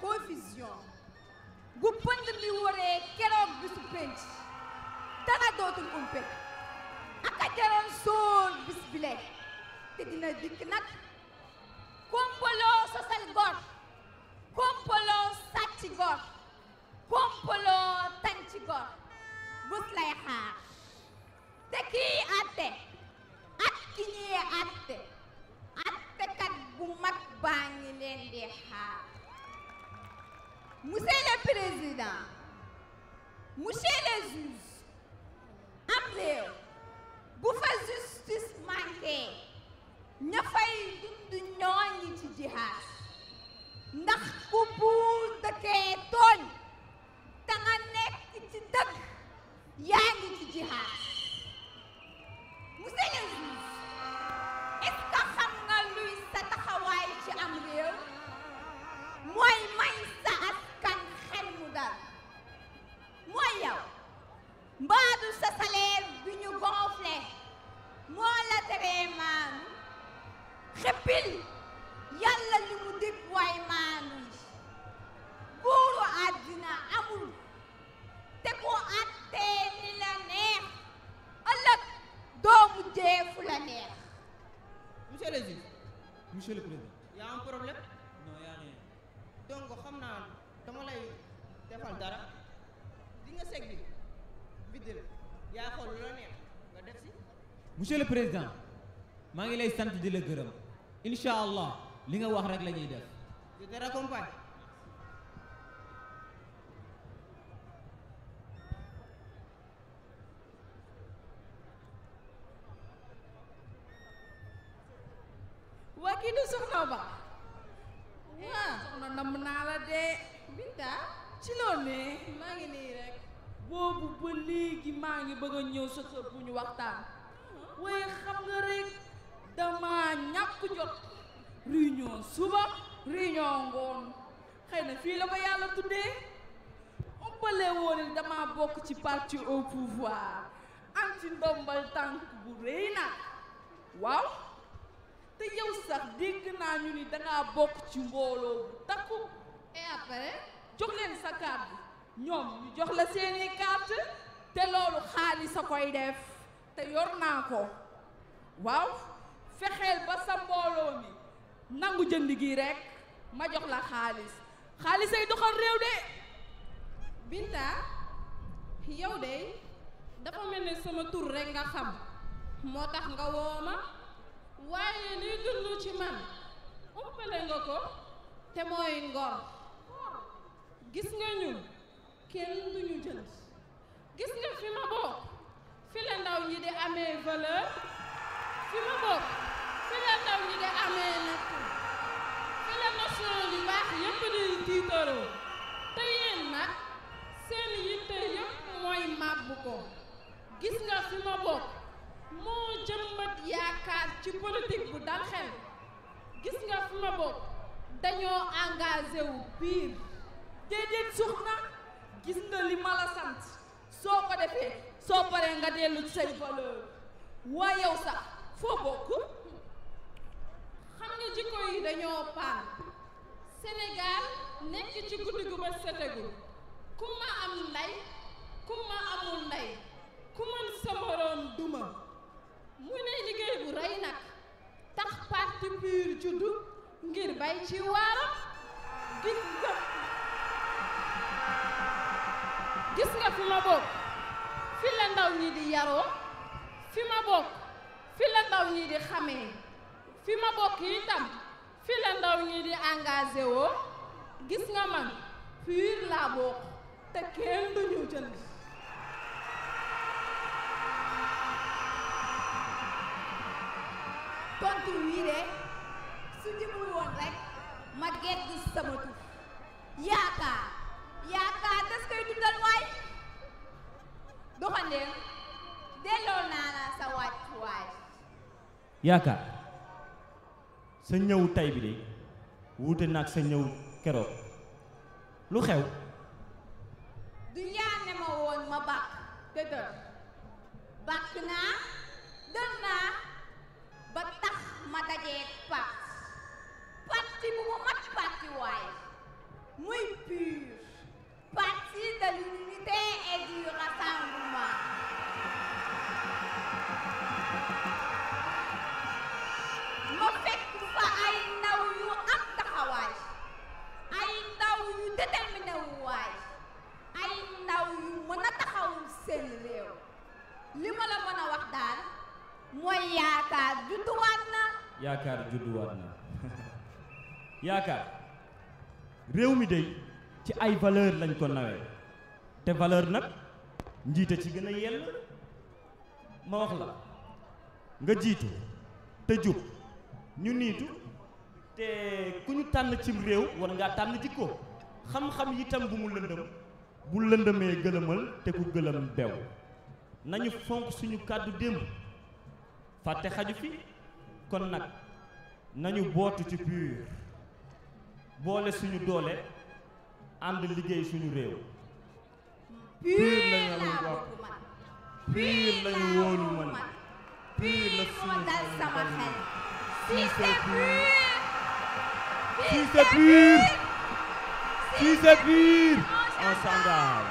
confusion gu pënd mi waree keroog bisu penc dara dootul umpe aka jaroon sóol bis te dina dikk nag kompaloo sosal gor kompaloo sàcc gor kompaloo tànc gor bés lay xaar te kii àtte ak ki ñee àtte àttekat bu mag baa ngi leen di xaar Monsieur le Président, Monsieur le juge, am réew bu fa justice manqué ña fay dund ñoo ngi ci jihaad ndax ku buur dëkkee tooñ ta nga nekk ci am sa salaire bi ñu gonflé moo la teree maanu xëppil yàlla li mu dig waay maanu yi buuru àddina amul te ku àttee ni la neex ëllëg doomu jeefu la neex monsieur le juge monsieur le président y a un problème monsieur le président maa ngi lay sant di la gërëm incha allah li nga wax rek la ñuy def je te raccompagne waa kii du soxna ba eh, waa soxna namm naa la de binta ci loo ne maa ngi nii rek boobu ba léegi maa ngi bëgg a ñëw bu ñu waxtaan waaye xam nga rek dama ñàkk jot réunion suba réunion ngoon xëy na fii la ko yàlla tuddee umpale woon dama bokk ci parti au pouvoir am ci ndombal tànk bu rëy nag waaw te yow sax dégg naa ñu ni dangaa bokk ci mbooloo takku et après jox leen sa carte ñoom ñu jox la seeni carte te loolu xaalis a koy def te yor naa ko waaw fexeel ba sa mbooloo mi nangu jënd gi rekk ma jox la xaalis xaalis ay doxal réew de Binta yow de dafa mel ne sama tur rekk nga xam moo tax nga woo ma waaye liy dund ci man umpale nga ko te mooy ngor gis nga ñun kenn duñu jënd gis nga fi ma bokk fi la ndaw ñi di amee valeur fi ma bokk fi la ndaw ñi di amee natt fi la notion yu baax yépp di tiitaroo te yéen nag seen yitte yépp mooy màbb ko gis nga fi ma bokk moo jëmbat yaakaar ci politique bu dal xel gis nga fi ma bokk dañoo engagé biir déedéet suux na gis nga li ma la sant soo ko defee soo paree nga dellu ci say valeur waa yow sax foo bokk xam nga jikko yi dañoo paan Sénégal nekk ci guddi gu bët setagul ku ma am ndey ku ma amul ndey ku mën sa moroom duma mu ne liggéey bu rey nag tax parti PUR juddu ngir bay ci waaram gis nga gis ma bokk fi la ndaw ñi di yaroo fi ma bokk fi la ndaw ñi di xamee fi ma bokk itam fi la ndaw ñi di engagé gis nga man PUR laa bokk te kenn du ñu jënd tontu wii de su jëmul woon rek ma gedd sama tur yaakaar doxandéem delloo naa la sa wàccuwaay yaakaar sa ñëw tay bi de wuute naag sa ñëw keroog lu xew du ma woon ma baax dëgër yaakaar judduwaat na yaakaar réew mi dey ci ay valeur lañ ko nawee te valeur nag njiite ci gën a yell ma wax la nga jiitu te jub ñu niitu te ku ñu tànn cim réew war ngaa tànn jikko xam-xam yitam bu mu lëndëm bu lëndëmee gëlëmal te ku gëlëm bew nañu fonk suñu kàddu démb fàtte xaju fi kon nag nañu bootu ci PUR boole suñu doole ànd liggéey suñu réew PUR lañu amoon wax PUR lañu wóolu man PUR la suñu dal sama xel si c'est PUR si c'est PUR si c'est PUR on s'engage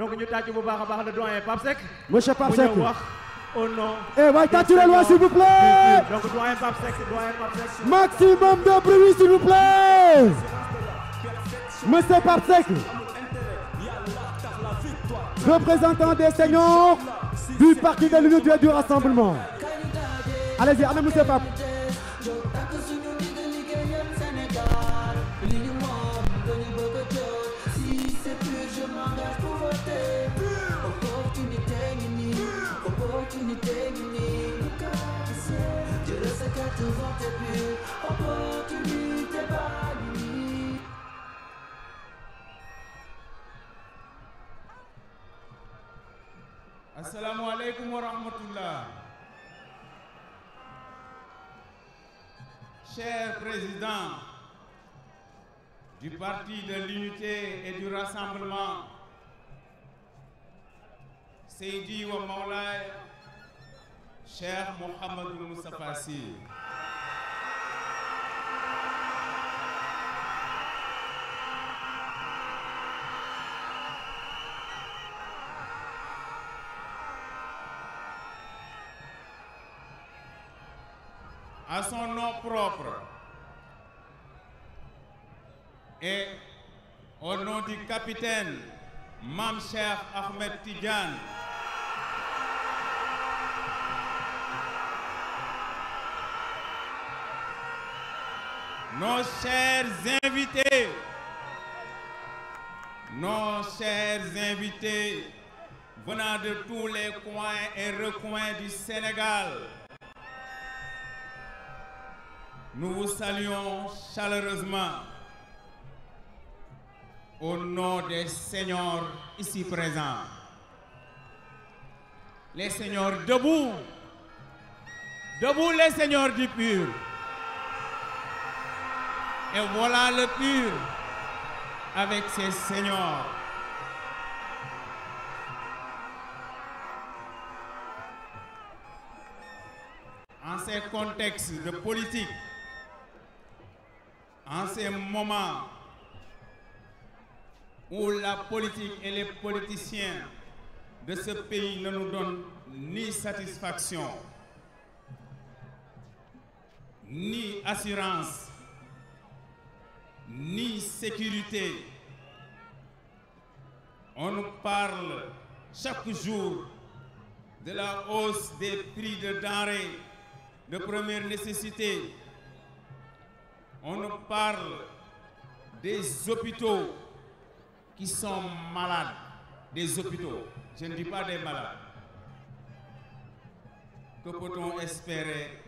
donc nous tàcc bu baax de le doyen monsieur papsec. Seck bu eh va la s'il vous plaît. donc doyen papsec, doyen maximum de bruit s'il vous plaît. monsieur papsec. représentant des seigneurs du parti de l'Union du rassemblement. allez-y, amenez monsieur Pape. devant tes pieds, opportunité Assalamu alaikum wa rahmatullah. Cher président du Parti de l'Unité et du Rassemblement, Seydi wa Maulay, cher Mohamed Fassi à son nom propre et au nom du capitaine Mamchef Ahmed Tidjan, nos chers invités, nos chers invités venant de tous les coins et recoins du Sénégal, nous vous saluons chaleureusement au nom des seigneurs ici présents. Les seigneurs debout, debout les seigneurs du pur. Et voilà le pur avec ses seigneurs. En ces contextes de politique, en ces moments où la politique et les politiciens de ce pays ne nous donnent ni satisfaction, ni assurance, ni sécurité. On nous parle chaque jour de la hausse des prix de denrées de première nécessité, on nous parle des hôpitaux qui sont malades. Des hôpitaux, je ne dis pas des malades. Que peut-on espérer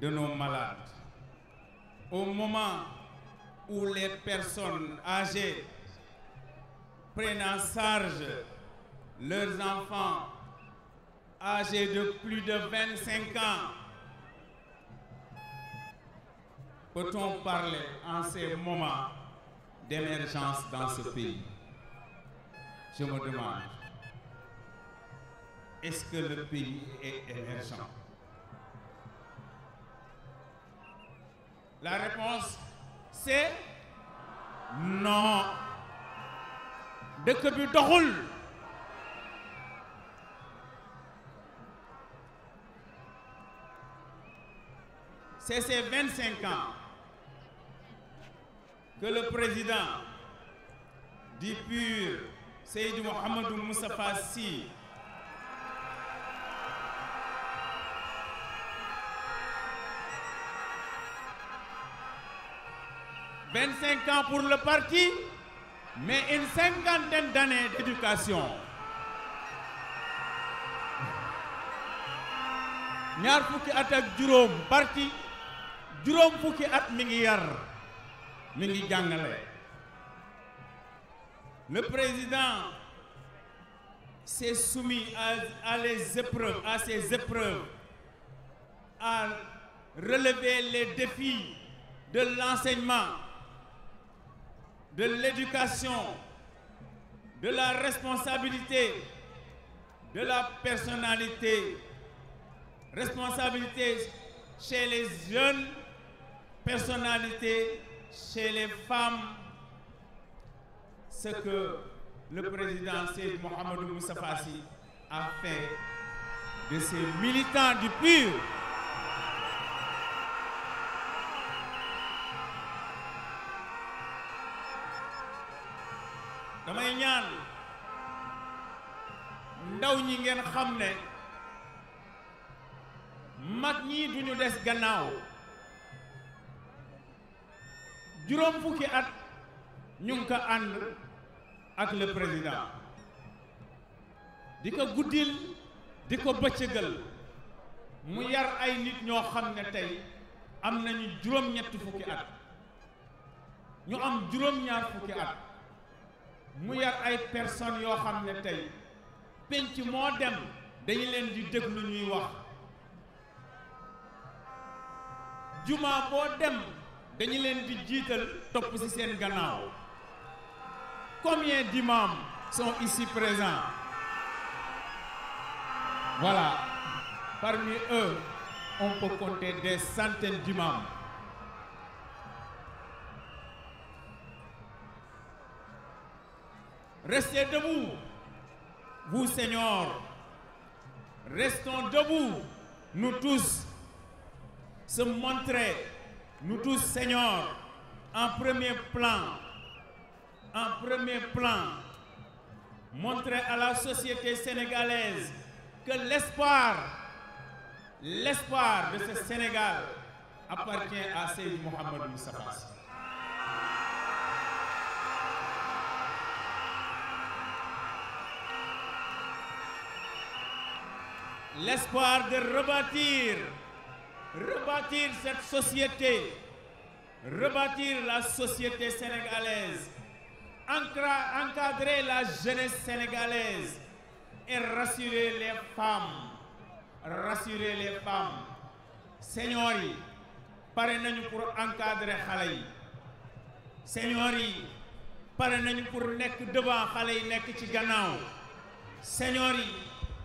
de nos malades Au moment où les personnes âgées prennent en charge leurs enfants âgés de plus de 25 ans peut-on parler en ces moments d'émergence dans ce pays Je me demande, est-ce que le pays est émergent La réponse, c'est non. tu te' roules c'est ces 25 ans que le président du PUR, Seyd Mohamed Moustapha Sy, 25 ans pour le parti, mais une cinquantaine d'années d'éducation. ñaar fukki at parti fukki at le président s'est soumis à, ses épreuves à ces épreuves à relever les défis de l'enseignement de l'éducation de la responsabilité de la personnalité responsabilité chez les jeunes personnalité chez les femmes ce que le président Mohamed Mohamed Moussa Fassi a fait de ses militants du PUR. damay ñaan ndaw ñi des juróom fukki at ñu ko ànd ak la président di ko guddil di ko bëccëgal mu yar ay nit ñoo xam ne tey am nañu juróom-ñetti fukki at ñu am juróom-ñaar fukki at mu yar ay personnes yoo xam ne tey penc moo dem dañu leen di déglu ñuy wax juma boo dem di combien d'imams sont ici présents voilà parmi eux on peut compter des centaines d'imams restez debout vous seigneurs restons debout nous tous se montrer nous tous, Seigneur, en premier plan, en premier plan, montrer à la société sénégalaise que l'espoir, l'espoir de ce Sénégal appartient à Seyyid Mohamed Moussa L'espoir de rebâtir rebâtir cette société, rebâtir la société sénégalaise, encadrer la jeunesse sénégalaise et rassurer les femmes. Rassurer les femmes. Seigneur, pare nous pour encadrer xale Seigneur, seniors nous pour nek devant xale yi nekk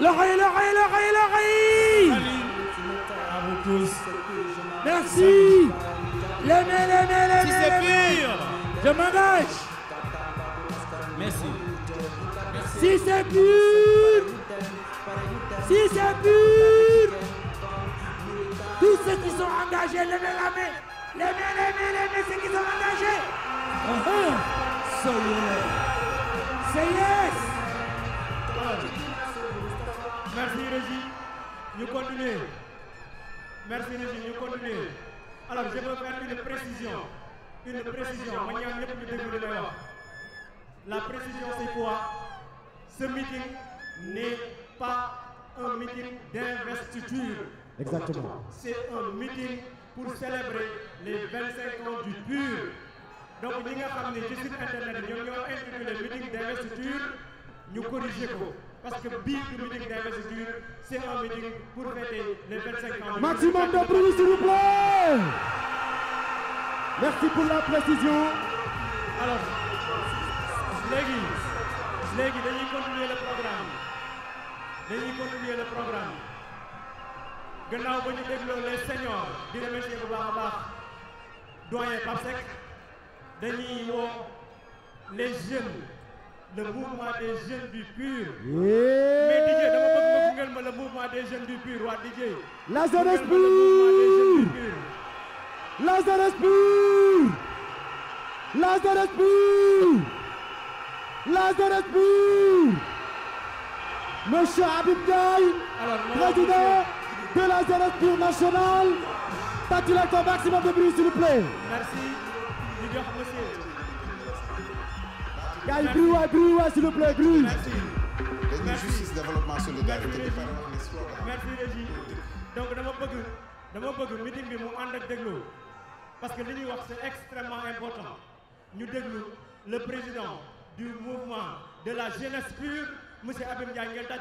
L'oreille, l'oreille, l'oreille, l'oreille Merci L'aimez, les l'aimer Si c'est pur Je m'engage Merci. Si c'est pur Si c'est pur Tous ceux qui sont engagés, levez la main Levez, levez, levez ceux qui sont engagés C'est ah, ah. yes merci Régis nous continuons. merci Régis nous continuons. alors je veux faire une précision une précision la précision c'est quoi ce meeting n'est pas un meeting d'investiture exactement c'est un meeting pour célébrer les 25 ans du PUR donc nous avons xam ne nous et internet ñoom meeting d'investiture nous corrigeons parce que Big Meeting d'investiture, c'est un meeting pour fêter les 25 ans. Maximum de bruit, s'il vous plaît Merci pour la précision. Alors, Légui, Légui, allons continuer le programme. Allons continuer le programme. Gannaaw ba ñu les seniors di remercier bu doyen Pape Seck dañuy les jeunes le mouvement des jeunes du pur. mais DJ dama bëgg pas gungeel le mouvement des jeunes du pur ouais, DJ. la jeunesse pure la jeunesse pur. la jeunesse pure la jeunesse monsieur Habib Ndiaye. président de la jeunesse pure nationale. tu le maximum de bruit s'il vous plaît. merci s'il merci développement merci Régis donc dama bëgg meeting bi mu parce que c'est extrêmement important Nous le président du mouvement de la jeunesse pure monsieur Abim Ndiaye